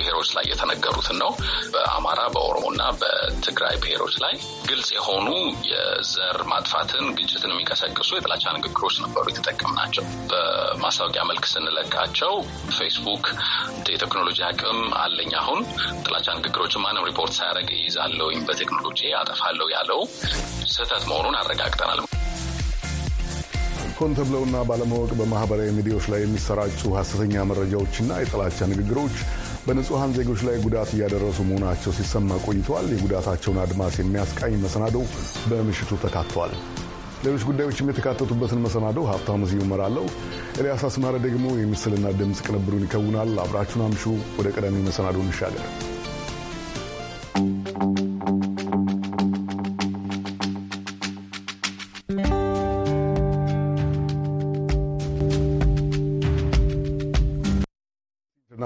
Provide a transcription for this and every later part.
ብሔሮች ላይ የተነገሩትን ነው። በአማራ በኦሮሞና በትግራይ ብሔሮች ላይ ግልጽ የሆኑ የዘር ማጥፋትን፣ ግጭትን የሚቀሰቅሱ የጥላቻ ንግግሮች ነበሩ የተጠቀምናቸው። በማስታወቂያ መልክ ስንለቃቸው ፌስቡክ የቴክኖሎጂ አቅም አለኝ አሁን ጥላቻ ንግግሮችን ማንም ሪፖርት ሳያደርግ ወይም በቴክኖሎጂ አጠፋለሁ ያለው ስህተት መሆኑን አረጋግጠናል። ሆን ተብለውና ባለማወቅ በማህበራዊ ሚዲያዎች ላይ የሚሰራጩ ሀሰተኛ መረጃዎችና የጥላቻ ንግግሮች በንጹሐን ዜጎች ላይ ጉዳት እያደረሱ መሆናቸው ሲሰማ ቆይተዋል። የጉዳታቸውን አድማስ የሚያስቃኝ መሰናዶው በምሽቱ ተካቷል። ሌሎች ጉዳዮችም የተካተቱበትን መሰናዶው ሀብታሙ ዚ ይመራለው። ኤልያስ አስማረ ደግሞ የምስልና ድምፅ ቅንብሩን ይከውናል። አብራችሁን አምሹ። ወደ ቀዳሚ መሰናዶ እንሻገር።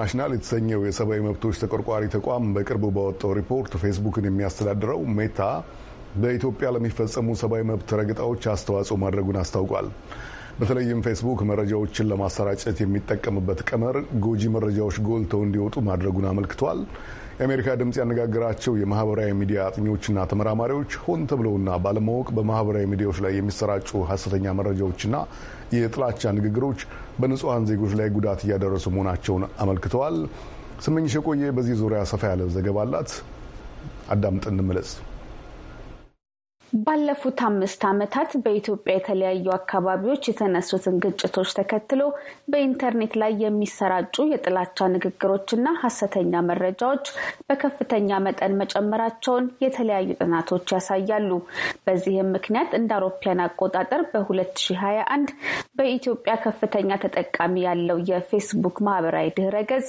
ኢንተርናሽናል የተሰኘው የሰብአዊ መብቶች ተቆርቋሪ ተቋም በቅርቡ ባወጣው ሪፖርት ፌስቡክን የሚያስተዳድረው ሜታ በኢትዮጵያ ለሚፈጸሙ ሰብአዊ መብት ረገጣዎች አስተዋጽኦ ማድረጉን አስታውቋል። በተለይም ፌስቡክ መረጃዎችን ለማሰራጨት የሚጠቀምበት ቀመር ጎጂ መረጃዎች ጎልተው እንዲወጡ ማድረጉን አመልክቷል። የአሜሪካ ድምፅ ያነጋገራቸው የማህበራዊ ሚዲያ አጥኚዎችና ተመራማሪዎች ሆን ተብለውና ባለማወቅ በማህበራዊ ሚዲያዎች ላይ የሚሰራጩ ሀሰተኛ መረጃዎችና የጥላቻ ንግግሮች በንጹሐን ዜጎች ላይ ጉዳት እያደረሱ መሆናቸውን አመልክተዋል። ስመኝሽ የቆየ በዚህ ዙሪያ ሰፋ ያለ ዘገባ አላት። አዳምጥ እንመለስ። ባለፉት አምስት ዓመታት በኢትዮጵያ የተለያዩ አካባቢዎች የተነሱትን ግጭቶች ተከትሎ በኢንተርኔት ላይ የሚሰራጩ የጥላቻ ንግግሮችና ሀሰተኛ መረጃዎች በከፍተኛ መጠን መጨመራቸውን የተለያዩ ጥናቶች ያሳያሉ። በዚህም ምክንያት እንደ አውሮፓያን አቆጣጠር በ2021 በኢትዮጵያ ከፍተኛ ተጠቃሚ ያለው የፌስቡክ ማህበራዊ ድህረ ገጽ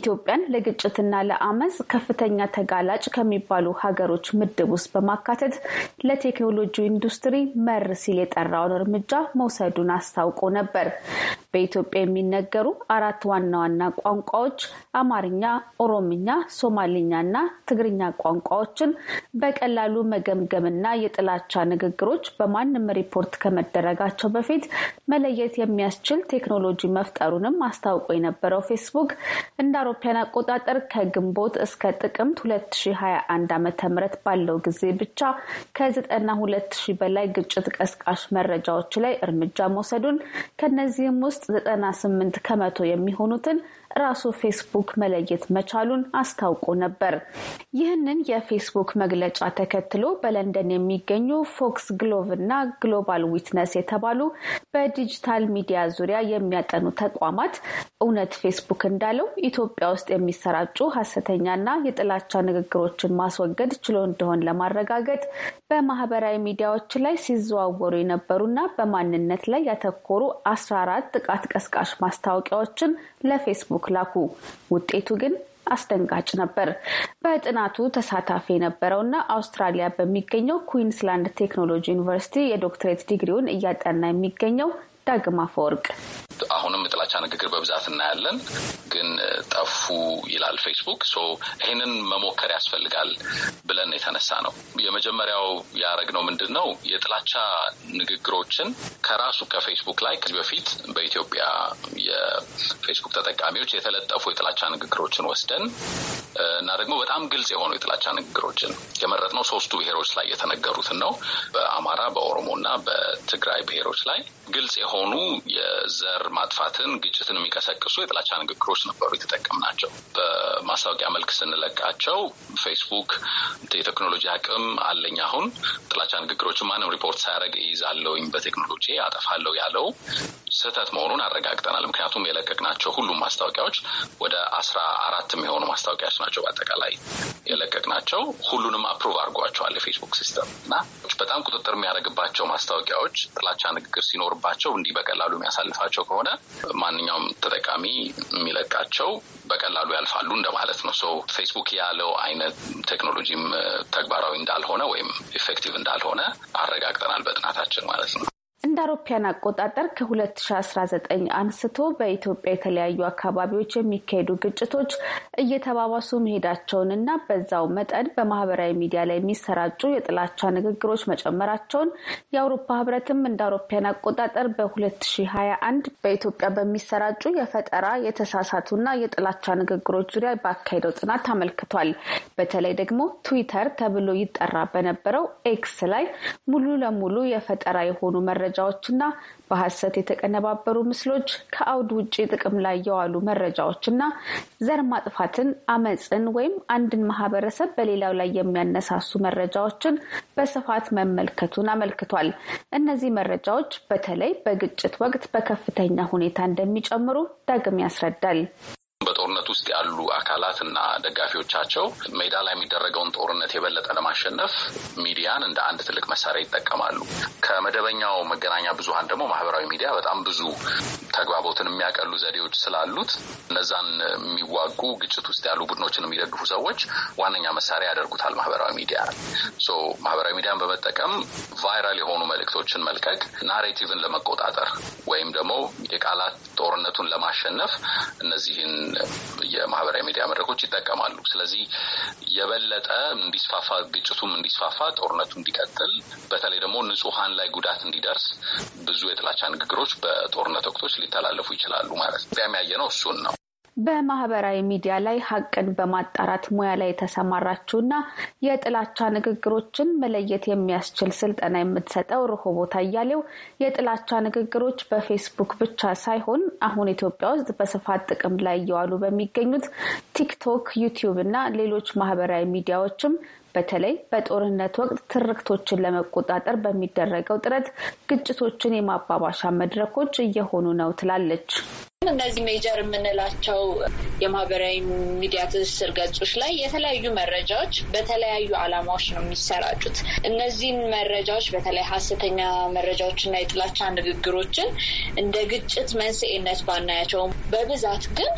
ኢትዮጵያን ለግጭትና ለአመፅ ከፍተኛ ተጋላጭ ከሚባሉ ሀገሮች ምድብ ውስጥ በማካተት ለቴክኖሎጂ ኢንዱስትሪ መር ሲል የጠራውን እርምጃ መውሰዱን አስታውቆ ነበር። በኢትዮጵያ የሚነገሩ አራት ዋና ዋና ቋንቋዎች አማርኛ፣ ኦሮምኛ፣ ሶማሊኛ እና ትግርኛ ቋንቋዎችን በቀላሉ መገምገምና የጥላቻ ንግግሮች በማንም ሪፖርት ከመደረጋቸው በፊት መለየት የሚያስችል ቴክኖሎጂ መፍጠሩንም አስታውቆ የነበረው ፌስቡክ እንደ አውሮፓውያን አቆጣጠር ከግንቦት እስከ ጥቅምት 2021 ም ባለው ጊዜ ብቻ ከ9 ዘጠና ሁለት ሺህ በላይ ግጭት ቀስቃሽ መረጃዎች ላይ እርምጃ መውሰዱን ከነዚህም ውስጥ ዘጠና ስምንት ከመቶ የሚሆኑትን ራሱ ፌስቡክ መለየት መቻሉን አስታውቆ ነበር። ይህንን የፌስቡክ መግለጫ ተከትሎ በለንደን የሚገኙ ፎክስ ግሎቭ እና ግሎባል ዊትነስ የተባሉ በዲጂታል ሚዲያ ዙሪያ የሚያጠኑ ተቋማት እውነት ፌስቡክ እንዳለው ኢትዮጵያ ውስጥ የሚሰራጩ ሀሰተኛና የጥላቻ ንግግሮችን ማስወገድ ችሎ እንደሆን ለማረጋገጥ በማህበራዊ ሚዲያዎች ላይ ሲዘዋወሩ የነበሩና በማንነት ላይ ያተኮሩ አስራ አራት ጥቃት ቀስቃሽ ማስታወቂያዎችን ለፌስቡክ ፌስቡክ ላኩ። ውጤቱ ግን አስደንጋጭ ነበር። በጥናቱ ተሳታፊ የነበረውና አውስትራሊያ በሚገኘው ኩዊንስላንድ ቴክኖሎጂ ዩኒቨርሲቲ የዶክትሬት ዲግሪውን እያጠና የሚገኘው ዳግማ አፈወርቅ አሁንም የጥላቻ ንግግር በብዛት እናያለን፣ ግን ጠፉ ይላል ፌስቡክ። ሶ ይህንን መሞከር ያስፈልጋል ብለን የተነሳ ነው። የመጀመሪያው ያደረግነው ምንድን ነው? የጥላቻ ንግግሮችን ከራሱ ከፌስቡክ ላይ ከዚህ በፊት በኢትዮጵያ የፌስቡክ ተጠቃሚዎች የተለጠፉ የጥላቻ ንግግሮችን ወስደን እና ደግሞ በጣም ግልጽ የሆኑ የጥላቻ ንግግሮችን የመረጥነው ሶስቱ ብሔሮች ላይ የተነገሩትን ነው። በአማራ፣ በኦሮሞ እና በትግራይ ብሔሮች ላይ ግልጽ የሆኑ የዘር ማጥፋትን፣ ግጭትን የሚቀሰቅሱ የጥላቻ ንግግሮች ነበሩ የተጠቀምናቸው። በማስታወቂያ መልክ ስንለቃቸው ፌስቡክ የቴክኖሎጂ አቅም አለኝ አሁን ጥላቻ ንግግሮችን ማንም ሪፖርት ሳያደርግ ይዛለውኝ በቴክኖሎጂ አጠፋለው ያለው ስህተት መሆኑን አረጋግጠናል። ምክንያቱም የለቀቅናቸው ሁሉም ማስታወቂያዎች ወደ አስራ አራት የሚሆኑ ማስታወቂያዎች ናቸው። በአጠቃላይ የለቀቅ ናቸው። ሁሉንም አፕሩቭ አድርጓቸዋል የፌስቡክ ሲስተም እና በጣም ቁጥጥር የሚያደርግባቸው ማስታወቂያዎች ጥላቻ ንግግር ሲኖርባቸው እንዲህ በቀላሉ የሚያሳልፋቸው ከሆነ ማንኛውም ተጠቃሚ የሚለቃቸው በቀላሉ ያልፋሉ እንደማለት ነው። ሶ ፌስቡክ ያለው አይነት ቴክኖሎጂም ተግባራዊ እንዳልሆነ ወይም ኢፌክቲቭ እንዳልሆነ አረጋግጠናል በጥናታችን ማለት ነው። እንደ አውሮፓያን አቆጣጠር ከ2019 አንስቶ በኢትዮጵያ የተለያዩ አካባቢዎች የሚካሄዱ ግጭቶች እየተባባሱ መሄዳቸውንና በዛው መጠን በማህበራዊ ሚዲያ ላይ የሚሰራጩ የጥላቻ ንግግሮች መጨመራቸውን የአውሮፓ ህብረትም እንደ አውሮፓያን አቆጣጠር በ2021 በኢትዮጵያ በሚሰራጩ የፈጠራ የተሳሳቱና የጥላቻ ንግግሮች ዙሪያ ባካሄደው ጥናት አመልክቷል። በተለይ ደግሞ ትዊተር ተብሎ ይጠራ በነበረው ኤክስ ላይ ሙሉ ለሙሉ የፈጠራ የሆኑ መረጃ መረጃዎችና በሐሰት የተቀነባበሩ ምስሎች፣ ከአውድ ውጭ ጥቅም ላይ የዋሉ መረጃዎችና ዘር ማጥፋትን፣ አመፅን ወይም አንድን ማህበረሰብ በሌላው ላይ የሚያነሳሱ መረጃዎችን በስፋት መመልከቱን አመልክቷል። እነዚህ መረጃዎች በተለይ በግጭት ወቅት በከፍተኛ ሁኔታ እንደሚጨምሩ ዳግም ያስረዳል። ጦርነት ውስጥ ያሉ አካላት እና ደጋፊዎቻቸው ሜዳ ላይ የሚደረገውን ጦርነት የበለጠ ለማሸነፍ ሚዲያን እንደ አንድ ትልቅ መሳሪያ ይጠቀማሉ። ከመደበኛው መገናኛ ብዙሀን ደግሞ ማህበራዊ ሚዲያ በጣም ብዙ ተግባቦትን የሚያቀሉ ዘዴዎች ስላሉት እነዛን የሚዋጉ ግጭት ውስጥ ያሉ ቡድኖችን የሚደግፉ ሰዎች ዋነኛ መሳሪያ ያደርጉታል። ማህበራዊ ሚዲያ ማህበራዊ ሚዲያን በመጠቀም ቫይራል የሆኑ መልእክቶችን መልቀቅ ናሬቲቭን ለመቆጣጠር ወይም ደግሞ የቃላት ጦርነቱን ለማሸነፍ እነዚህን የማህበራዊ ሚዲያ መድረኮች ይጠቀማሉ። ስለዚህ የበለጠ እንዲስፋፋ ግጭቱም እንዲስፋፋ ጦርነቱ እንዲቀጥል በተለይ ደግሞ ንጹሀን ላይ ጉዳት እንዲደርስ ብዙ የጥላቻ ንግግሮች በጦርነት ወቅቶች ሊተላለፉ ይችላሉ ማለት ነው። ነው እሱን ነው። በማህበራዊ ሚዲያ ላይ ሀቅን በማጣራት ሙያ ላይ የተሰማራችውና የጥላቻ ንግግሮችን መለየት የሚያስችል ስልጠና የምትሰጠው ርሆቦት አያሌው የጥላቻ ንግግሮች በፌስቡክ ብቻ ሳይሆን አሁን ኢትዮጵያ ውስጥ በስፋት ጥቅም ላይ እየዋሉ በሚገኙት ቲክቶክ፣ ዩቲዩብ እና ሌሎች ማህበራዊ ሚዲያዎችም በተለይ በጦርነት ወቅት ትርክቶችን ለመቆጣጠር በሚደረገው ጥረት ግጭቶችን የማባባሻ መድረኮች እየሆኑ ነው ትላለች። እነዚህ ሜጀር የምንላቸው የማህበራዊ ሚዲያ ትስስር ገጾች ላይ የተለያዩ መረጃዎች በተለያዩ ዓላማዎች ነው የሚሰራጩት። እነዚህን መረጃዎች በተለይ ሀሰተኛ መረጃዎችና የጥላቻ ንግግሮችን እንደ ግጭት መንስኤነት ባናያቸውም፣ በብዛት ግን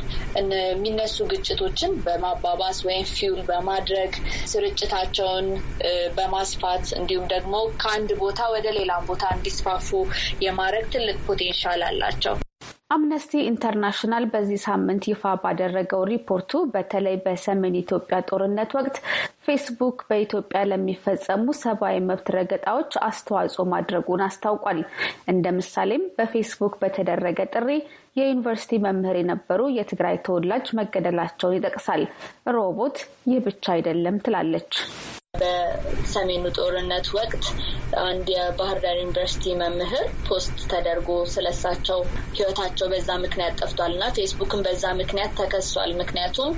የሚነሱ ግጭቶችን በማባባስ ወይም ፊውል በማድረግ ስርጭታቸውን በማስፋት እንዲሁም ደግሞ ከአንድ ቦታ ወደ ሌላ ቦታ እንዲስፋፉ የማድረግ ትልቅ ፖቴንሻል አላቸው። አምነስቲ ኢንተርናሽናል በዚህ ሳምንት ይፋ ባደረገው ሪፖርቱ በተለይ በሰሜን ኢትዮጵያ ጦርነት ወቅት ፌስቡክ በኢትዮጵያ ለሚፈጸሙ ሰብአዊ መብት ረገጣዎች አስተዋጽኦ ማድረጉን አስታውቋል። እንደ ምሳሌም በፌስቡክ በተደረገ ጥሪ የዩኒቨርሲቲ መምህር የነበሩ የትግራይ ተወላጅ መገደላቸውን ይጠቅሳል። ሮቦት ይህ ብቻ አይደለም ትላለች። በሰሜኑ ጦርነት ወቅት አንድ የባህር ዳር ዩኒቨርሲቲ መምህር ፖስት ተደርጎ ስለሳቸው ህይወታቸው በዛ ምክንያት ጠፍቷል እና ፌስቡክን በዛ ምክንያት ተከሷል። ምክንያቱም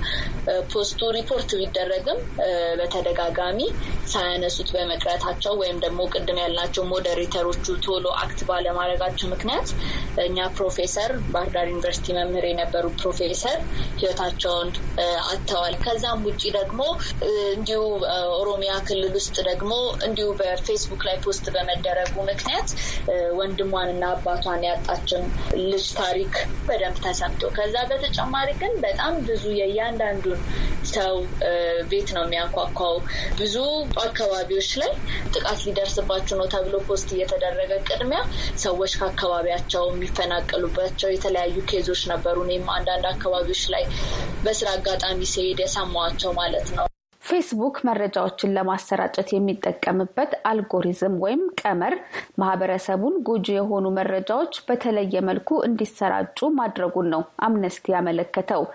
ፖስቱ ሪፖርት ቢደረግም በተደጋጋሚ ሳያነሱት በመቅረታቸው ወይም ደግሞ ቅድም ያልናቸው ሞዴሬተሮቹ ቶሎ አክት ባለማድረጋቸው ምክንያት እኛ ፕሮፌሰር ባህር ዳር ዩኒቨርሲቲ መምህር የነበሩ ፕሮፌሰር ህይወታቸውን አጥተዋል። ከዛም ውጭ ደግሞ እንዲሁ ኦሮሚያ በእኛ ክልል ውስጥ ደግሞ እንዲሁ በፌስቡክ ላይ ፖስት በመደረጉ ምክንያት ወንድሟንና አባቷን ያጣችን ልጅ ታሪክ በደንብ ተሰምቶ ከዛ በተጨማሪ ግን በጣም ብዙ የእያንዳንዱን ሰው ቤት ነው የሚያንኳኳው። ብዙ አካባቢዎች ላይ ጥቃት ሊደርስባቸው ነው ተብሎ ፖስት እየተደረገ ቅድሚያ ሰዎች ከአካባቢያቸው የሚፈናቀሉባቸው የተለያዩ ኬዞች ነበሩ። እኔም አንዳንድ አካባቢዎች ላይ በስራ አጋጣሚ ሲሄድ የሰማኋቸው ማለት ነው። ፌስቡክ መረጃዎችን ለማሰራጨት የሚጠቀምበት አልጎሪዝም ወይም ቀመር ማህበረሰቡን ጎጂ የሆኑ መረጃዎች በተለየ መልኩ እንዲሰራጩ ማድረጉን ነው አምነስቲ ያመለከተው።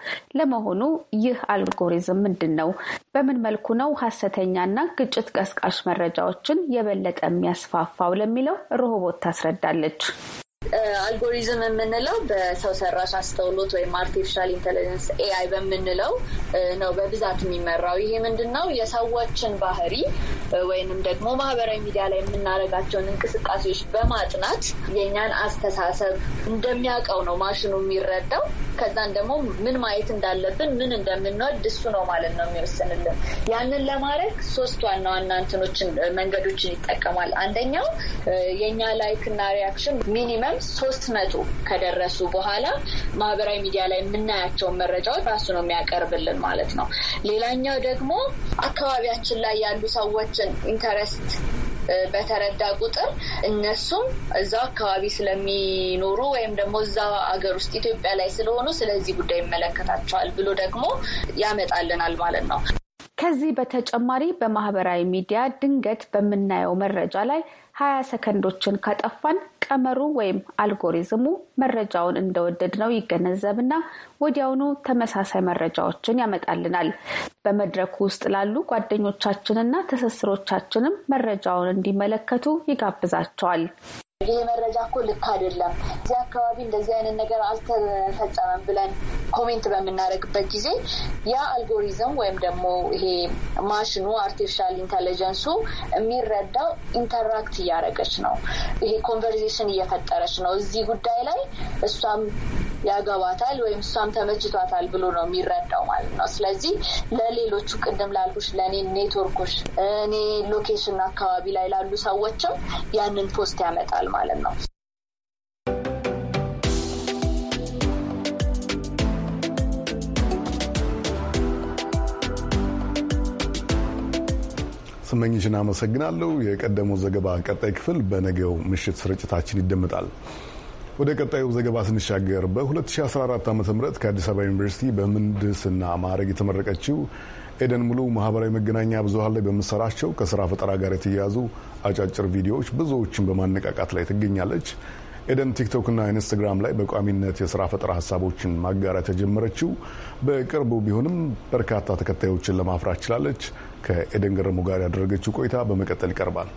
ለመሆኑ ይህ አልጎሪዝም ምንድን ነው? በምን መልኩ ነው ሀሰተኛና ግጭት ቀስቃሽ መረጃዎችን የበለጠ የሚያስፋፋው ለሚለው ሮሆቦት ታስረዳለች። አልጎሪዝም የምንለው በሰው ሰራሽ አስተውሎት ወይም አርቲፊሻል ኢንቴሊጀንስ ኤአይ በምንለው ነው በብዛት የሚመራው። ይሄ ምንድን ነው የሰዎችን ባህሪ ወይንም ደግሞ ማህበራዊ ሚዲያ ላይ የምናደርጋቸውን እንቅስቃሴዎች በማጥናት የእኛን አስተሳሰብ እንደሚያውቀው ነው ማሽኑ የሚረዳው። ከዛን ደግሞ ምን ማየት እንዳለብን ምን እንደምንወድ እሱ ነው ማለት ነው የሚወስንልን። ያንን ለማድረግ ሶስት ዋና ዋና እንትኖችን መንገዶችን ይጠቀማል። አንደኛው የእኛ ላይክ እና ሪያክሽን ሚኒመም ሶስት መቶ ከደረሱ በኋላ ማህበራዊ ሚዲያ ላይ የምናያቸውን መረጃዎች ራሱ ነው የሚያቀርብልን ማለት ነው። ሌላኛው ደግሞ አካባቢያችን ላይ ያሉ ሰዎች የልጆችን ኢንተረስት በተረዳ ቁጥር እነሱም እዛ አካባቢ ስለሚኖሩ ወይም ደግሞ እዛ አገር ውስጥ ኢትዮጵያ ላይ ስለሆኑ ስለዚህ ጉዳይ ይመለከታቸዋል ብሎ ደግሞ ያመጣልናል ማለት ነው። ከዚህ በተጨማሪ በማህበራዊ ሚዲያ ድንገት በምናየው መረጃ ላይ ሀያ ሰከንዶችን ካጠፋን ቀመሩ ወይም አልጎሪዝሙ መረጃውን እንደወደድ ነው ይገነዘብና ወዲያውኑ ተመሳሳይ መረጃዎችን ያመጣልናል። በመድረኩ ውስጥ ላሉ ጓደኞቻችንና ትስስሮቻችንም መረጃውን እንዲመለከቱ ይጋብዛቸዋል። ይህ መረጃ እኮ ልክ አይደለም፣ እዚህ አካባቢ እንደዚህ አይነት ነገር አልተፈጸመም ብለን ኮሜንት በምናደርግበት ጊዜ ያ አልጎሪዝም ወይም ደግሞ ይሄ ማሽኑ አርቲፊሻል ኢንተለጀንሱ የሚረዳው ኢንተራክት እያደረገች ነው፣ ይሄ ኮንቨርሴሽን እየፈጠረች ነው። እዚህ ጉዳይ ላይ እሷም ያገባታል ወይም እሷም ተመችቷታል ብሎ ነው የሚረዳው ማለት ነው። ስለዚህ ለሌሎቹ ቅድም ላልኩሽ ለእኔ ኔትወርኮች እኔ ሎኬሽን አካባቢ ላይ ላሉ ሰዎችም ያንን ፖስት ያመጣል ማለት ነው። ስመኝሽን አመሰግናለሁ። የቀደመው ዘገባ ቀጣይ ክፍል በነገው ምሽት ስርጭታችን ይደመጣል። ወደ ቀጣዩ ዘገባ ስንሻገር በ2014 ዓ ም ከአዲስ አበባ ዩኒቨርሲቲ በምህንድስና ማዕረግ የተመረቀችው ኤደን ሙሉ ማህበራዊ መገናኛ ብዙሀን ላይ በምሰራቸው ከስራ ፈጠራ ጋር የተያያዙ አጫጭር ቪዲዮዎች ብዙዎችን በማነቃቃት ላይ ትገኛለች። ኤደን ቲክቶክና ኢንስታግራም ላይ በቋሚነት የስራ ፈጠራ ሀሳቦችን ማጋራት የጀመረችው በቅርቡ ቢሆንም በርካታ ተከታዮችን ለማፍራት ችላለች። ከኤደን ገረሙ ጋር ያደረገችው ቆይታ በመቀጠል ይቀርባል።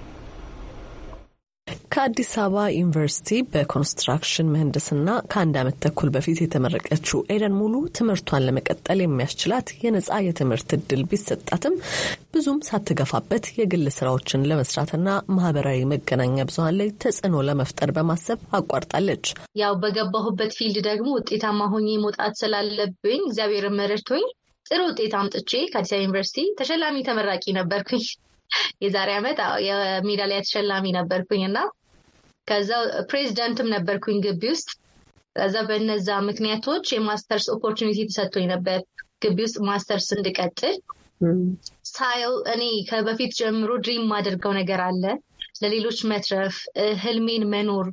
ከአዲስ አበባ ዩኒቨርሲቲ በኮንስትራክሽን ምህንድስና ከአንድ ዓመት ተኩል በፊት የተመረቀችው ኤደን ሙሉ ትምህርቷን ለመቀጠል የሚያስችላት የነጻ የትምህርት እድል ቢሰጣትም ብዙም ሳትገፋበት የግል ስራዎችን ለመስራትና ማህበራዊ መገናኛ ብዙሀን ላይ ተጽዕኖ ለመፍጠር በማሰብ አቋርጣለች። ያው በገባሁበት ፊልድ ደግሞ ውጤታማ ሆኜ መውጣት ስላለብኝ እግዚአብሔር መረድቶኝ ጥሩ ውጤት አምጥቼ ከአዲስ አበባ ዩኒቨርሲቲ ተሸላሚ ተመራቂ ነበርኩኝ። የዛሬ ዓመት የሜዳሊያ ተሸላሚ ነበርኩኝ እና ከዛ ፕሬዚዳንትም ነበርኩኝ ግቢ ውስጥ። ከዛ በነዛ ምክንያቶች የማስተርስ ኦፖርቹኒቲ ተሰጥቶኝ ነበር ግቢ ውስጥ ማስተርስ እንድቀጥል። ሳየው እኔ ከበፊት ጀምሮ ድሪም ማደርገው ነገር አለ፣ ለሌሎች መትረፍ፣ ህልሜን መኖር፣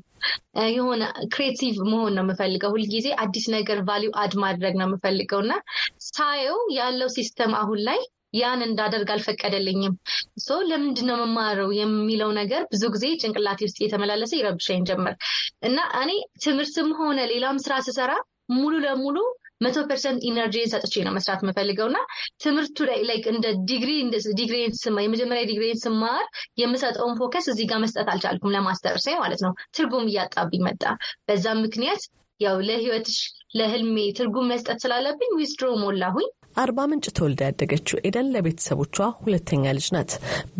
የሆነ ክሬቲቭ መሆን ነው የምፈልገው። ሁልጊዜ አዲስ ነገር ቫሊዩ አድ ማድረግ ነው የምፈልገው እና ሳየው ያለው ሲስተም አሁን ላይ ያን እንዳደርግ አልፈቀደልኝም። ሶ ለምንድን ነው መማረው የሚለው ነገር ብዙ ጊዜ ጭንቅላቴ ውስጥ የተመላለሰ ይረብሻኝ ጀመር እና እኔ ትምህርትም ሆነ ሌላም ስራ ስሰራ ሙሉ ለሙሉ መቶ ፐርሰንት ኢነርጂን ሰጥቼ ነው መስራት የምፈልገው እና ትምህርቱ ላይ እንደ ዲግሪ ዲግሪን ስማ የመጀመሪያ ዲግሪን ስማር የምሰጠውን ፎከስ እዚህ ጋር መስጠት አልቻልኩም። ለማስተርሴ ማለት ነው ትርጉም እያጣብኝ መጣ። በዛም ምክንያት ያው ለህይወትሽ ለህልሜ ትርጉም መስጠት ስላለብኝ ዊዝድሮ ሞላሁኝ። አርባ ምንጭ ተወልዳ ያደገችው ኤደን ለቤተሰቦቿ ሁለተኛ ልጅ ናት።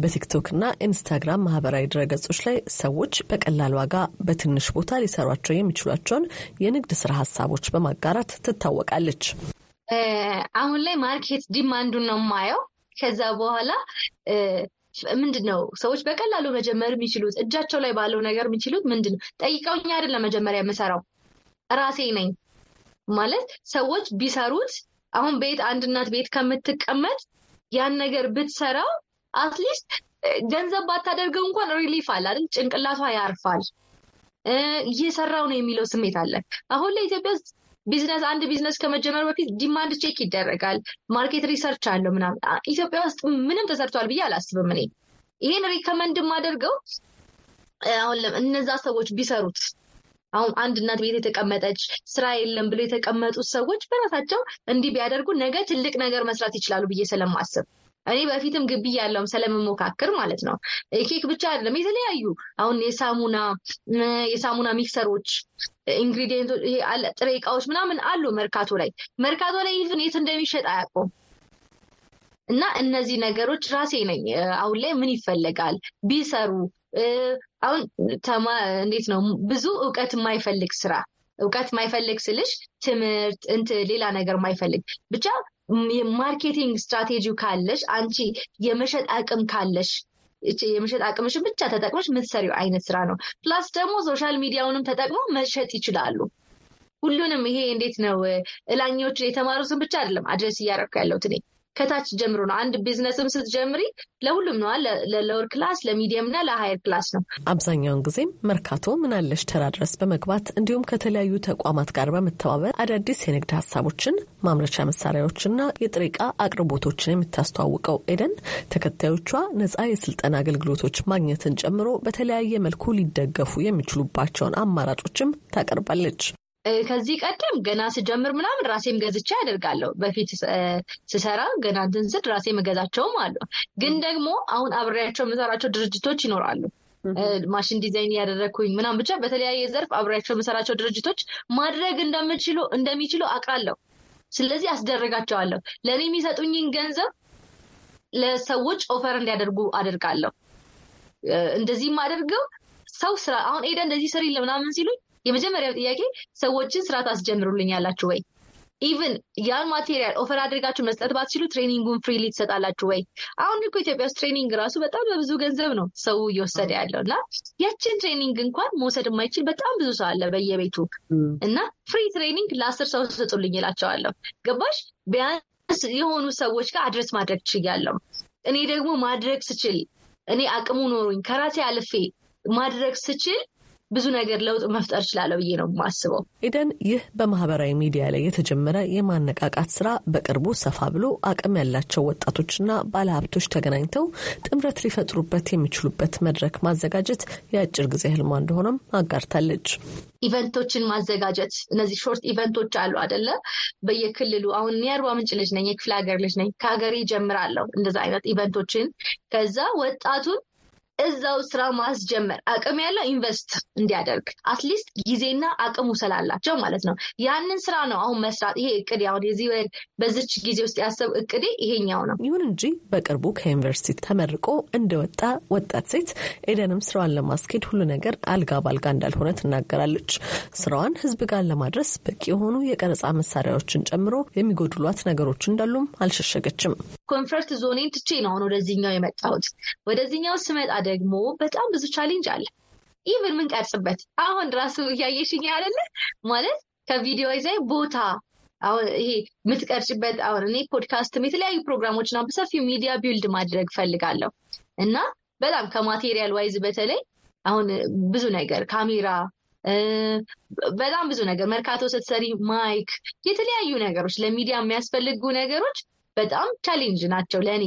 በቲክቶክና ኢንስታግራም ማህበራዊ ድረገጾች ላይ ሰዎች በቀላል ዋጋ በትንሽ ቦታ ሊሰሯቸው የሚችሏቸውን የንግድ ስራ ሀሳቦች በማጋራት ትታወቃለች። አሁን ላይ ማርኬት ዲማንዱ ነው የማየው። ከዛ በኋላ ምንድን ነው ሰዎች በቀላሉ መጀመር የሚችሉት እጃቸው ላይ ባለው ነገር የሚችሉት ምንድን ነው? ጠይቀውኝ አይደለም መጀመሪያ የምሰራው ራሴ ነኝ ማለት ሰዎች ቢሰሩት አሁን ቤት አንድ እናት ቤት ከምትቀመጥ ያን ነገር ብትሰራው አትሊስት ገንዘብ ባታደርገው እንኳን ሪሊፍ አለ አይደል? ጭንቅላቷ ያርፋል። እየሰራው ነው የሚለው ስሜት አለ። አሁን ለኢትዮጵያ ውስጥ ቢዝነስ አንድ ቢዝነስ ከመጀመሩ በፊት ዲማንድ ቼክ ይደረጋል። ማርኬት ሪሰርች አለው ምናምን። ኢትዮጵያ ውስጥ ምንም ተሰርቷል ብዬ አላስብም። እኔ ይሄን ሪከመንድ የማደርገው አሁን እነዛ ሰዎች ቢሰሩት አሁን አንድ እናት ቤት የተቀመጠች ስራ የለም ብሎ የተቀመጡ ሰዎች በራሳቸው እንዲህ ቢያደርጉ ነገ ትልቅ ነገር መስራት ይችላሉ ብዬ ስለማስብ እኔ በፊትም ግቢ ያለውም ስለምሞካክር ማለት ነው። ኬክ ብቻ አይደለም የተለያዩ አሁን የሳሙና የሳሙና ሚክሰሮች ኢንግሪዲየንቶች ጥሬ እቃዎች ምናምን አሉ መርካቶ ላይ መርካቶ ላይ ኢቭን የት እንደሚሸጥ አያውቁም። እና እነዚህ ነገሮች ራሴ ነኝ አሁን ላይ ምን ይፈለጋል ቢሰሩ አሁን ተማ እንዴት ነው ብዙ እውቀት የማይፈልግ ስራ እውቀት ማይፈልግ ስልሽ ትምህርት እንት ሌላ ነገር ማይፈልግ ብቻ የማርኬቲንግ ስትራቴጂው ካለሽ አንቺ የመሸጥ አቅም ካለሽ የመሸጥ አቅምሽን ብቻ ተጠቅመሽ ምትሰሪው አይነት ስራ ነው። ፕላስ ደግሞ ሶሻል ሚዲያውንም ተጠቅሞ መሸጥ ይችላሉ። ሁሉንም ይሄ እንዴት ነው እላኞች የተማሩትን ብቻ አይደለም አድረስ እያረኩ ያለሁት እኔ ከታች ጀምሮ ነው። አንድ ቢዝነስም ስትጀምሪ ለሁሉም ነው፣ ለሎወር ክላስ፣ ለሚዲየም እና ለሀየር ክላስ ነው። አብዛኛውን ጊዜም መርካቶ ምናለሽ ተራ ድረስ በመግባት እንዲሁም ከተለያዩ ተቋማት ጋር በመተባበር አዳዲስ የንግድ ሀሳቦችን፣ ማምረቻ መሳሪያዎችና የጥሬ እቃ አቅርቦቶችን የምታስተዋውቀው ኤደን ተከታዮቿ ነጻ የስልጠና አገልግሎቶች ማግኘትን ጨምሮ በተለያየ መልኩ ሊደገፉ የሚችሉባቸውን አማራጮችም ታቀርባለች። ከዚህ ቀደም ገና ስጀምር ምናምን ራሴም ገዝቼ ያደርጋለሁ። በፊት ስሰራ ገና እንትን ስል ራሴ መገዛቸውም አሉ። ግን ደግሞ አሁን አብሬያቸው የምሰራቸው ድርጅቶች ይኖራሉ ማሽን ዲዛይን እያደረግኩኝ ምናም ብቻ በተለያየ ዘርፍ አብሬያቸው የምሰራቸው ድርጅቶች ማድረግ እንደምችሉ እንደሚችሉ አቅራለሁ ስለዚህ አስደረጋቸዋለሁ። ለእኔ የሚሰጡኝን ገንዘብ ለሰዎች ኦፈር እንዲያደርጉ አደርጋለሁ። እንደዚህ አደርገው ሰው ስራ አሁን ኤደ እንደዚህ ስሪ ለምናምን ሲሉኝ የመጀመሪያው ጥያቄ ሰዎችን ስራ ታስጀምሩልኝ ያላችሁ ወይ? ኢቨን ያን ማቴሪያል ኦፈር አድርጋችሁ መስጠት ባትችሉ ትሬኒንጉን ፍሪሊ ትሰጣላችሁ ወይ? አሁን እኮ ኢትዮጵያ ውስጥ ትሬኒንግ ራሱ በጣም በብዙ ገንዘብ ነው ሰው እየወሰደ ያለው እና ያችን ትሬኒንግ እንኳን መውሰድ የማይችል በጣም ብዙ ሰው አለ በየቤቱ እና ፍሪ ትሬኒንግ ለአስር ሰው ሰጡልኝ ይላቸዋለሁ ገባሽ? ቢያንስ የሆኑ ሰዎች ጋር አድረስ ማድረግ ችያለሁ። እኔ ደግሞ ማድረግ ስችል እኔ አቅሙ ኖሩኝ ከራሴ አልፌ ማድረግ ስችል ብዙ ነገር ለውጥ መፍጠር እችላለሁ ብዬ ነው የማስበው። ኢደን፣ ይህ በማህበራዊ ሚዲያ ላይ የተጀመረ የማነቃቃት ስራ በቅርቡ ሰፋ ብሎ አቅም ያላቸው ወጣቶችና ባለሀብቶች ተገናኝተው ጥምረት ሊፈጥሩበት የሚችሉበት መድረክ ማዘጋጀት የአጭር ጊዜ ህልሟ እንደሆነም አጋርታለች። ኢቨንቶችን ማዘጋጀት እነዚህ ሾርት ኢቨንቶች አሉ አደለ? በየክልሉ አሁን የአርባ ምንጭ ልጅ ነኝ፣ የክፍለ ሀገር ልጅ ነኝ። ከሀገሬ ጀምራለሁ እንደዛ አይነት ኢቨንቶችን ከዛ ወጣቱን እዛው ስራ ማስጀመር አቅም ያለው ኢንቨስት እንዲያደርግ አትሊስት ጊዜና አቅሙ ስላላቸው ማለት ነው። ያንን ስራ ነው አሁን መስራት። ይሄ እቅድ አሁን የዚህ በዚች ጊዜ ውስጥ ያሰብ እቅዴ ይሄኛው ነው። ይሁን እንጂ በቅርቡ ከዩኒቨርሲቲ ተመርቆ እንደወጣ ወጣት ሴት ኤደንም ስራዋን ለማስኬድ ሁሉ ነገር አልጋ ባልጋ እንዳልሆነ ትናገራለች። ስራዋን ህዝብ ጋር ለማድረስ በቂ የሆኑ የቀረጻ መሳሪያዎችን ጨምሮ የሚጎድሏት ነገሮች እንዳሉም አልሸሸገችም። ኮንፈርት ዞኔን ትቼ ነው አሁን ወደዚህኛው የመጣሁት። ወደዚህኛው ስመጣ ደግሞ በጣም ብዙ ቻሌንጅ አለ። ኢቨን ምንቀርጽበት አሁን ራሱ እያየሽኝ ያለለ ማለት ከቪዲዮ ይዛይ ቦታ አሁን ይሄ የምትቀርጭበት አሁን እኔ ፖድካስትም የተለያዩ ነው በሰፊው ሚዲያ ቢልድ ማድረግ ፈልጋለሁ እና በጣም ከማቴሪያል ዋይዝ በተለይ አሁን ብዙ ነገር ካሜራ በጣም ብዙ ነገር መርካቶ ስትሰሪ ማይክ፣ የተለያዩ ነገሮች ለሚዲያ የሚያስፈልጉ ነገሮች በጣም ቻሌንጅ ናቸው ለእኔ።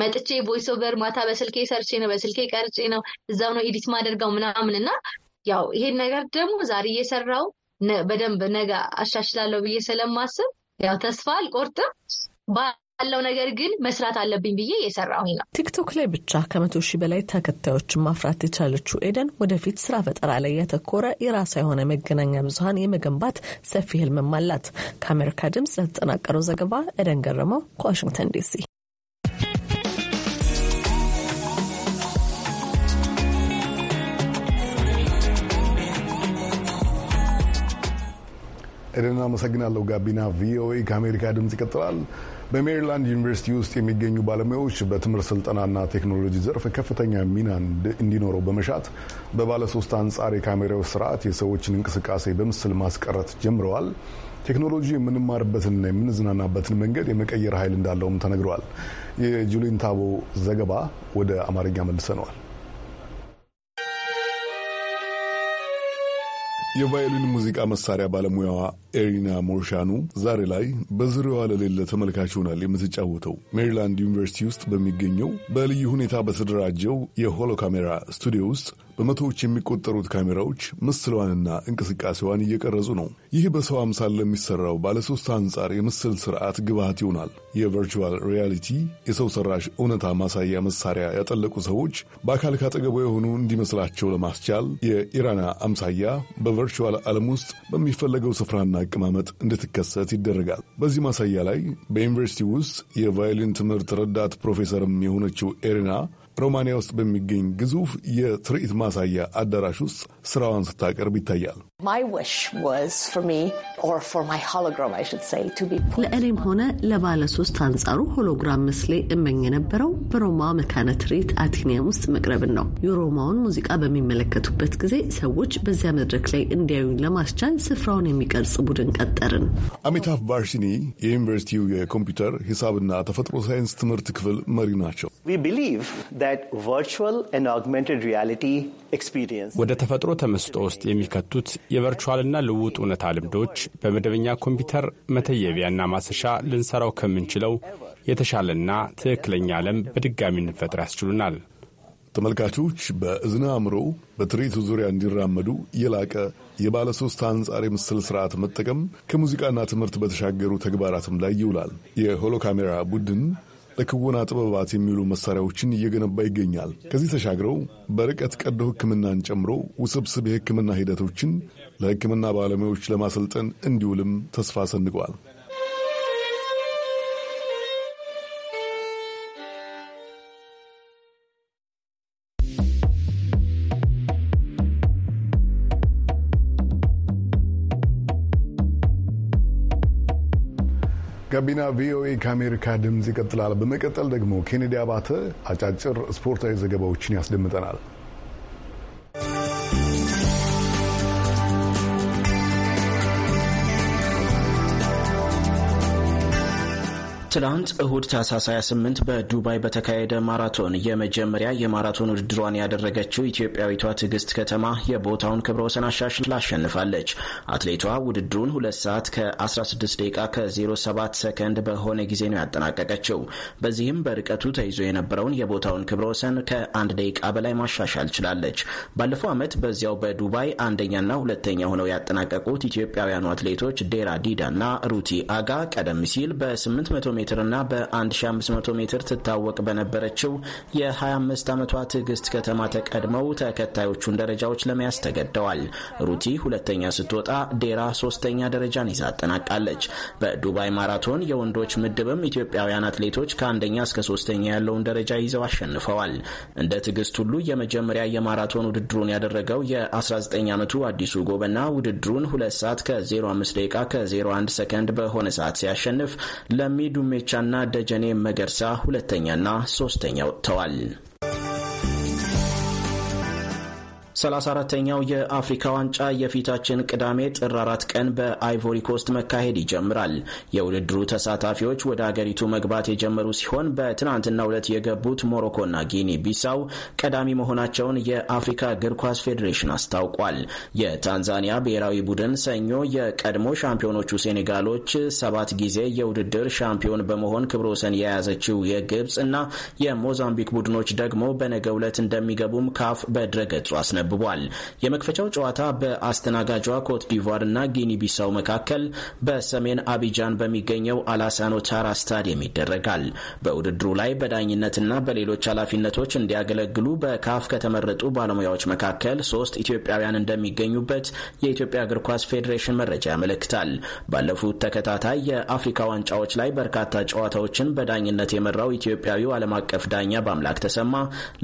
መጥቼ ቮይስ ኦቨር ማታ በስልኬ ሰርቼ ነው በስልኬ ቀርጬ ነው እዛው ነው ኤዲት ማደርገው ምናምን እና ያው ይሄን ነገር ደግሞ ዛሬ እየሰራው በደንብ ነገ አሻሽላለሁ ብዬ ስለማስብ ያው ተስፋ አልቆርጥም። ያለው ነገር ግን መስራት አለብኝ ብዬ የሰራሁኝ ነው። ቲክቶክ ላይ ብቻ ከመቶ ሺህ በላይ ተከታዮችን ማፍራት የቻለችው ኤደን ወደፊት ስራ ፈጠራ ላይ ያተኮረ የራሷ የሆነ መገናኛ ብዙኃን የመገንባት ሰፊ ህልምም አላት። ከአሜሪካ ድምፅ ለተጠናቀረው ዘገባ ኤደን ገረመው ከዋሽንግተን ዲሲ። ኤደን አመሰግናለሁ። ጋቢና ቪኦኤ ከአሜሪካ ድምፅ ይቀጥላል። በሜሪላንድ ዩኒቨርሲቲ ውስጥ የሚገኙ ባለሙያዎች በትምህርት ስልጠናና ቴክኖሎጂ ዘርፍ ከፍተኛ ሚና እንዲኖረው በመሻት በባለሶስት አንጻር የካሜራው ስርዓት የሰዎችን እንቅስቃሴ በምስል ማስቀረት ጀምረዋል። ቴክኖሎጂ የምንማርበትንና የምንዝናናበትን መንገድ የመቀየር ኃይል እንዳለውም ተነግረዋል። የጁሊን ታቦ ዘገባ ወደ አማርኛ መልሰነዋል። የቫዮሊን ሙዚቃ መሳሪያ ባለሙያዋ ኤሪና ሞርሻኑ ዛሬ ላይ በዙሪያዋ ለሌለ ተመልካች ሆናል የምትጫወተው ሜሪላንድ ዩኒቨርሲቲ ውስጥ በሚገኘው በልዩ ሁኔታ በተደራጀው የሆሎ ካሜራ ስቱዲዮ ውስጥ በመቶዎች የሚቆጠሩት ካሜራዎች ምስሏንና እንቅስቃሴዋን እየቀረጹ ነው። ይህ በሰው አምሳል ለሚሰራው ባለሶስት አንጻር የምስል ስርዓት ግብዓት ይሆናል። የቨርቹዋል ሪያሊቲ የሰው ሰራሽ እውነታ ማሳያ መሳሪያ ያጠለቁ ሰዎች በአካል ካጠገቡ የሆኑ እንዲመስላቸው ለማስቻል የኢራና አምሳያ በቨርቹዋል ዓለም ውስጥ በሚፈለገው ስፍራና አቀማመጥ እንድትከሰት ይደረጋል። በዚህ ማሳያ ላይ በዩኒቨርሲቲ ውስጥ የቫዮሊን ትምህርት ረዳት ፕሮፌሰርም የሆነችው ኤሪና ሮማንያ ውስጥ በሚገኝ ግዙፍ የትርኢት ማሳያ አዳራሽ ውስጥ ስራዋን ስታቀርብ ይታያል። ለእኔም ሆነ ለባለ ሶስት አንጻሩ ሆሎግራም ምስሌ እመኝ የነበረው በሮማ መካነ ትርኢት ውስጥ መቅረብን ነው። የሮማውን ሙዚቃ በሚመለከቱበት ጊዜ ሰዎች በዚያ መድረክ ላይ እንዲያዩን ለማስቻል ስፍራውን የሚቀርጽ ቡድን ቀጠርን። አሚታፍ ባርሲኒ የዩኒቨርሲቲው የኮምፒውተር ሂሳብና ተፈጥሮ ሳይንስ ትምህርት ክፍል መሪ ናቸው። ወደ ተፈጥሮ ተመስጦ ውስጥ የሚከቱት የቨርቹዋልና ልውውጥ እውነታ ልምዶች በመደበኛ ኮምፒውተር መተየቢያና ማሰሻ ልንሰራው ከምንችለው የተሻለና ትክክለኛ ዓለም በድጋሚ እንፈጥር ያስችሉናል። ተመልካቾች በእዝነ አእምሮ በትርኢቱ ዙሪያ እንዲራመዱ የላቀ የባለ ሶስት አንጻር የምስል ስርዓት መጠቀም ከሙዚቃና ትምህርት በተሻገሩ ተግባራትም ላይ ይውላል። የሆሎ ካሜራ ቡድን ለክወና ጥበባት የሚውሉ መሳሪያዎችን እየገነባ ይገኛል። ከዚህ ተሻግረው በርቀት ቀዶ ሕክምናን ጨምሮ ውስብስብ የሕክምና ሂደቶችን ለሕክምና ባለሙያዎች ለማሰልጠን እንዲውልም ተስፋ ሰንቀዋል። ጋቢና ቪኦኤ ከአሜሪካ ድምፅ ይቀጥላል። በመቀጠል ደግሞ ኬኔዲ አባተ አጫጭር ስፖርታዊ ዘገባዎችን ያስደምጠናል። ትላንት እሁድ ታህሳስ 28 በዱባይ በተካሄደ ማራቶን የመጀመሪያ የማራቶን ውድድሯን ያደረገችው ኢትዮጵያዊቷ ትዕግስት ከተማ የቦታውን ክብረ ወሰን አሻሽላ አሸንፋለች። አትሌቷ ውድድሩን 2 ሰዓት ከ16 ደቂቃ ከ07 ሰከንድ በሆነ ጊዜ ነው ያጠናቀቀችው። በዚህም በርቀቱ ተይዞ የነበረውን የቦታውን ክብረ ወሰን ከአንድ ደቂቃ በላይ ማሻሻል ችላለች። ባለፈው ዓመት በዚያው በዱባይ አንደኛና ሁለተኛ ሆነው ያጠናቀቁት ኢትዮጵያውያኑ አትሌቶች ዴራ ዲዳ እና ሩቲ አጋ ቀደም ሲል በ800 ሜትርና በ1500 ሜትር ትታወቅ በነበረችው የ25 ዓመቷ ትዕግስት ከተማ ተቀድመው ተከታዮቹን ደረጃዎች ለመያዝ ተገደዋል። ሩቲ ሁለተኛ ስትወጣ፣ ዴራ ሶስተኛ ደረጃን ይዛ አጠናቃለች። በዱባይ ማራቶን የወንዶች ምድብም ኢትዮጵያውያን አትሌቶች ከአንደኛ እስከ ሶስተኛ ያለውን ደረጃ ይዘው አሸንፈዋል። እንደ ትዕግስት ሁሉ የመጀመሪያ የማራቶን ውድድሩን ያደረገው የ19 ዓመቱ አዲሱ ጎበና ውድድሩን ሁለት ሰዓት ከ05 ደቂቃ ከ01 ሰከንድ በሆነ ሰዓት ሲያሸንፍ ለሚዱሜ ኢሬሜቻና ደጀኔ መገርሳ ሁለተኛና ሶስተኛ ወጥተዋል። 34ተኛው የአፍሪካ ዋንጫ የፊታችን ቅዳሜ ጥር አራት ቀን በአይቮሪ ኮስት መካሄድ ይጀምራል። የውድድሩ ተሳታፊዎች ወደ አገሪቱ መግባት የጀመሩ ሲሆን በትናንትናው ዕለት የገቡት ሞሮኮና ጊኒ ቢሳው ቀዳሚ መሆናቸውን የአፍሪካ እግር ኳስ ፌዴሬሽን አስታውቋል። የታንዛኒያ ብሔራዊ ቡድን ሰኞ የቀድሞ ሻምፒዮኖቹ ሴኔጋሎች ሰባት ጊዜ የውድድር ሻምፒዮን በመሆን ክብረ ወሰን የያዘችው የግብፅ እና የሞዛምቢክ ቡድኖች ደግሞ በነገው ዕለት እንደሚገቡም ካፍ በድረገጹ አስነብቧል። ተዘግቧል። የመክፈቻው ጨዋታ በአስተናጋጇ ኮት ዲቫር እና ጊኒ ቢሳው መካከል በሰሜን አቢጃን በሚገኘው አላሳኖ ቻራ ስታዲየም ይደረጋል። በውድድሩ ላይ በዳኝነትና በሌሎች ኃላፊነቶች እንዲያገለግሉ በካፍ ከተመረጡ ባለሙያዎች መካከል ሶስት ኢትዮጵያውያን እንደሚገኙበት የኢትዮጵያ እግር ኳስ ፌዴሬሽን መረጃ ያመለክታል። ባለፉት ተከታታይ የአፍሪካ ዋንጫዎች ላይ በርካታ ጨዋታዎችን በዳኝነት የመራው ኢትዮጵያዊው ዓለም አቀፍ ዳኛ በአምላክ ተሰማ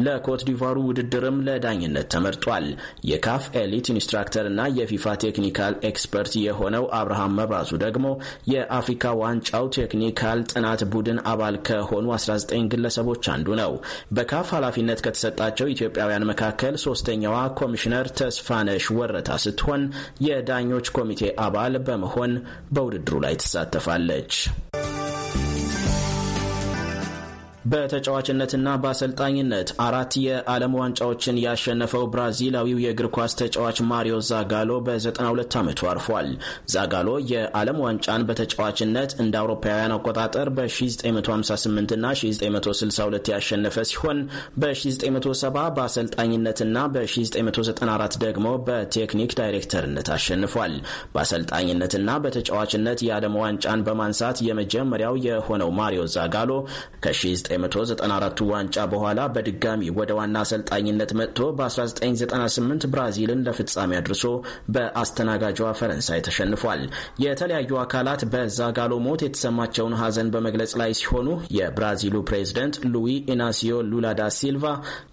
ለኮት ዲቫሩ ውድድርም ለዳኝነት ተመርጧል። ገልጿል። የካፍ ኤሊት ኢንስትራክተርና የፊፋ ቴክኒካል ኤክስፐርት የሆነው አብርሃም መብራቱ ደግሞ የአፍሪካ ዋንጫው ቴክኒካል ጥናት ቡድን አባል ከሆኑ 19 ግለሰቦች አንዱ ነው። በካፍ ኃላፊነት ከተሰጣቸው ኢትዮጵያውያን መካከል ሶስተኛዋ ኮሚሽነር ተስፋነሽ ወረታ ስትሆን የዳኞች ኮሚቴ አባል በመሆን በውድድሩ ላይ ትሳተፋለች። በተጫዋችነትና በአሰልጣኝነት አራት የዓለም ዋንጫዎችን ያሸነፈው ብራዚላዊው የእግር ኳስ ተጫዋች ማሪዮ ዛጋሎ በ92 ዓመቱ አርፏል። ዛጋሎ የዓለም ዋንጫን በተጫዋችነት እንደ አውሮፓውያን አቆጣጠር በ1958 እና 1962 ያሸነፈ ሲሆን በ1970 በአሰልጣኝነትና በ1994 ደግሞ በቴክኒክ ዳይሬክተርነት አሸንፏል። በአሰልጣኝነትና በተጫዋችነት የዓለም ዋንጫን በማንሳት የመጀመሪያው የሆነው ማሪዮ ዛጋሎ ከ ከ ቱ ዋንጫ በኋላ በድጋሚ ወደ ዋና አሰልጣኝነት መጥቶ በ1998 ብራዚልን ለፍጻሜ አድርሶ በአስተናጋጇ ፈረንሳይ ተሸንፏል። የተለያዩ አካላት በዛጋሎ ሞት የተሰማቸውን ሀዘን በመግለጽ ላይ ሲሆኑ የብራዚሉ ፕሬዝደንት ሉዊ ኢናሲዮ ሉላ ዳ ሲልቫ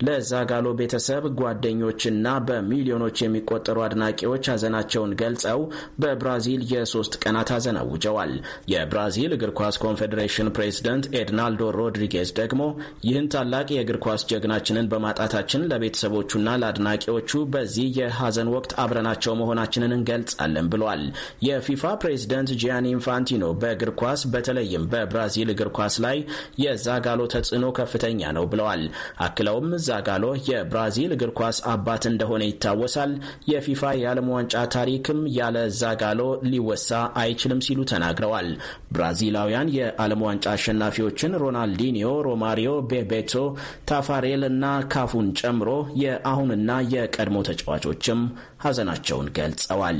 ለዛጋሎ ቤተሰብ፣ ጓደኞችና በሚሊዮኖች የሚቆጠሩ አድናቂዎች ሀዘናቸውን ገልጸው በብራዚል የሶስት ቀናት ሐዘን አውጀዋል። የብራዚል እግር ኳስ ኮንፌዴሬሽን ፕሬዝደንት ኤድናልዶ ሮድሪጌዝ ደግሞ ይህን ታላቅ የእግር ኳስ ጀግናችንን በማጣታችን ለቤተሰቦቹና ለአድናቂዎቹ በዚህ የሐዘን ወቅት አብረናቸው መሆናችንን እንገልጻለን ብሏል። የፊፋ ፕሬዝደንት ጂያኒ ኢንፋንቲኖ በእግር ኳስ በተለይም በብራዚል እግር ኳስ ላይ የዛጋሎ ተጽዕኖ ከፍተኛ ነው ብለዋል። አክለውም ዛጋሎ የብራዚል እግር ኳስ አባት እንደሆነ ይታወሳል። የፊፋ የዓለም ዋንጫ ታሪክም ያለ ዛጋሎ ሊወሳ አይችልም ሲሉ ተናግረዋል። ብራዚላውያን የዓለም ዋንጫ አሸናፊዎችን ሮናልዲኒዮ ሮማሪዮ ቤቤቶ፣ ታፋሬል እና ካፉን ጨምሮ የአሁንና የቀድሞ ተጫዋቾችም ሀዘናቸውን ገልጸዋል።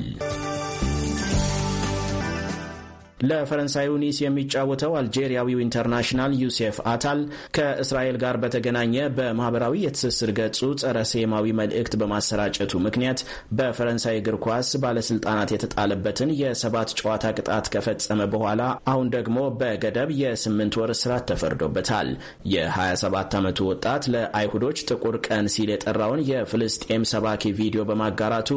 ለፈረንሳዩ ኒስ የሚጫወተው አልጄሪያዊው ኢንተርናሽናል ዩሴፍ አታል ከእስራኤል ጋር በተገናኘ በማህበራዊ የትስስር ገጹ ጸረ ሴማዊ መልእክት በማሰራጨቱ ምክንያት በፈረንሳይ እግር ኳስ ባለስልጣናት የተጣለበትን የሰባት ጨዋታ ቅጣት ከፈጸመ በኋላ አሁን ደግሞ በገደብ የስምንት ወር እስራት ተፈርዶበታል። የ27 ዓመቱ ወጣት ለአይሁዶች ጥቁር ቀን ሲል የጠራውን የፍልስጤም ሰባኪ ቪዲዮ በማጋራቱ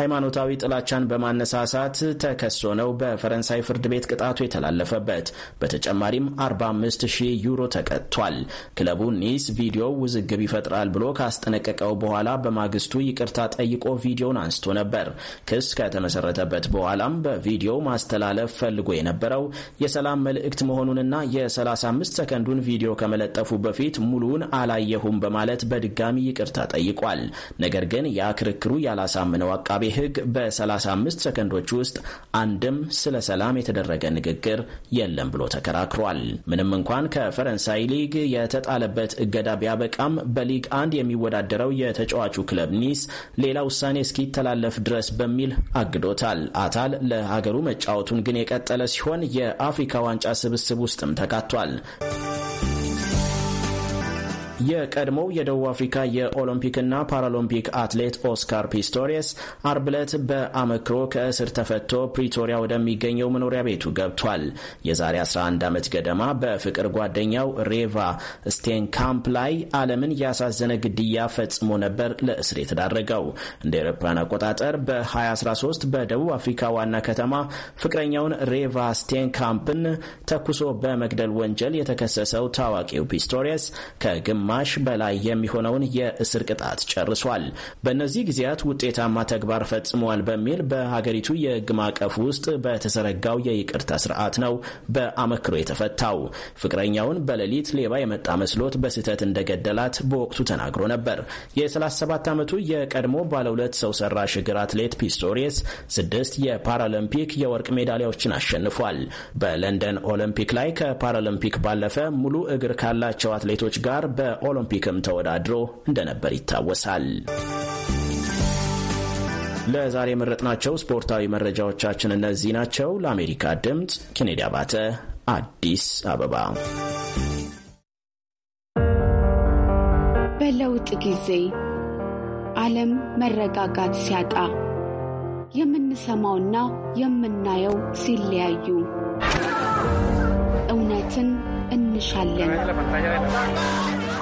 ሃይማኖታዊ ጥላቻን በማነሳሳት ተከሶ ነው በፈረንሳይ ፍርድ ቤት ቅጣቱ የተላለፈበት በተጨማሪም 45 ሺህ ዩሮ ተቀጥቷል። ክለቡ ኒስ ቪዲዮው ውዝግብ ይፈጥራል ብሎ ካስጠነቀቀው በኋላ በማግስቱ ይቅርታ ጠይቆ ቪዲዮውን አንስቶ ነበር። ክስ ከተመሰረተበት በኋላም በቪዲዮ ማስተላለፍ ፈልጎ የነበረው የሰላም መልእክት መሆኑንና የ35 ሰከንዱን ቪዲዮ ከመለጠፉ በፊት ሙሉውን አላየሁም በማለት በድጋሚ ይቅርታ ጠይቋል። ነገር ግን ያ ክርክሩ ያላሳምነው አቃቤ ሕግ በ35 ሰከንዶች ውስጥ አንድም ስለ ሰላም የተደረገ የተደረገ ንግግር የለም ብሎ ተከራክሯል። ምንም እንኳን ከፈረንሳይ ሊግ የተጣለበት እገዳ ቢያበቃም በሊግ አንድ የሚወዳደረው የተጫዋቹ ክለብ ኒስ ሌላ ውሳኔ እስኪተላለፍ ድረስ በሚል አግዶታል። አታል ለሀገሩ መጫወቱን ግን የቀጠለ ሲሆን የአፍሪካ ዋንጫ ስብስብ ውስጥም ተካቷል። የቀድሞው የደቡብ አፍሪካ የኦሎምፒክና ፓራሎምፒክ አትሌት ኦስካር ፒስቶሪየስ አርብ ዕለት በአመክሮ ከእስር ተፈቶ ፕሪቶሪያ ወደሚገኘው መኖሪያ ቤቱ ገብቷል። የዛሬ 11 ዓመት ገደማ በፍቅር ጓደኛው ሬቫ ስቴን ካምፕ ላይ ዓለምን ያሳዘነ ግድያ ፈጽሞ ነበር ለእስር የተዳረገው። እንደ ኤሮፓውያን አቆጣጠር በ2013 በደቡብ አፍሪካ ዋና ከተማ ፍቅረኛውን ሬቫ ስቴን ካምፕን ተኩሶ በመግደል ወንጀል የተከሰሰው ታዋቂው ፒስቶሪየስ ከግማ ከግማሽ በላይ የሚሆነውን የእስር ቅጣት ጨርሷል። በእነዚህ ጊዜያት ውጤታማ ተግባር ፈጽመዋል በሚል በሀገሪቱ የህግ ማዕቀፍ ውስጥ በተዘረጋው የይቅርታ ስርዓት ነው በአመክሮ የተፈታው። ፍቅረኛውን በሌሊት ሌባ የመጣ መስሎት በስህተት እንደገደላት በወቅቱ ተናግሮ ነበር። የ37 ዓመቱ የቀድሞ ባለሁለት ሰው ሰራሽ እግር አትሌት ፒስቶሪየስ ስድስት የፓራሊምፒክ የወርቅ ሜዳሊያዎችን አሸንፏል። በለንደን ኦሎምፒክ ላይ ከፓራሊምፒክ ባለፈ ሙሉ እግር ካላቸው አትሌቶች ጋር በ በኦሎምፒክም ተወዳድሮ እንደነበር ይታወሳል። ለዛሬ የመረጥናቸው ስፖርታዊ መረጃዎቻችን እነዚህ ናቸው። ለአሜሪካ ድምፅ ኬኔዲ አባተ፣ አዲስ አበባ። በለውጥ ጊዜ ዓለም መረጋጋት ሲያጣ የምንሰማውና የምናየው ሲለያዩ እውነትን እንሻለን።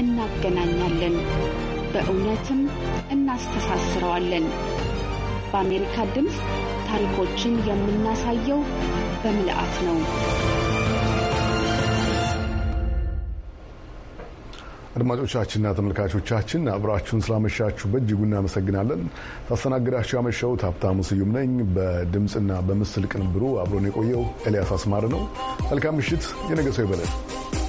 እናገናኛለን፣ በእውነትም እናስተሳስረዋለን። በአሜሪካ ድምፅ ታሪኮችን የምናሳየው በምልአት ነው። አድማጮቻችንና ተመልካቾቻችን አብራችሁን ስላመሻችሁ በእጅጉ እናመሰግናለን። ታስተናግዳችሁ ያመሸሁት ሀብታሙ ስዩም ነኝ። በድምፅና በምስል ቅንብሩ አብሮን የቆየው ኤልያስ አስማር ነው። መልካም ምሽት። የነገ ሰው ይበለን።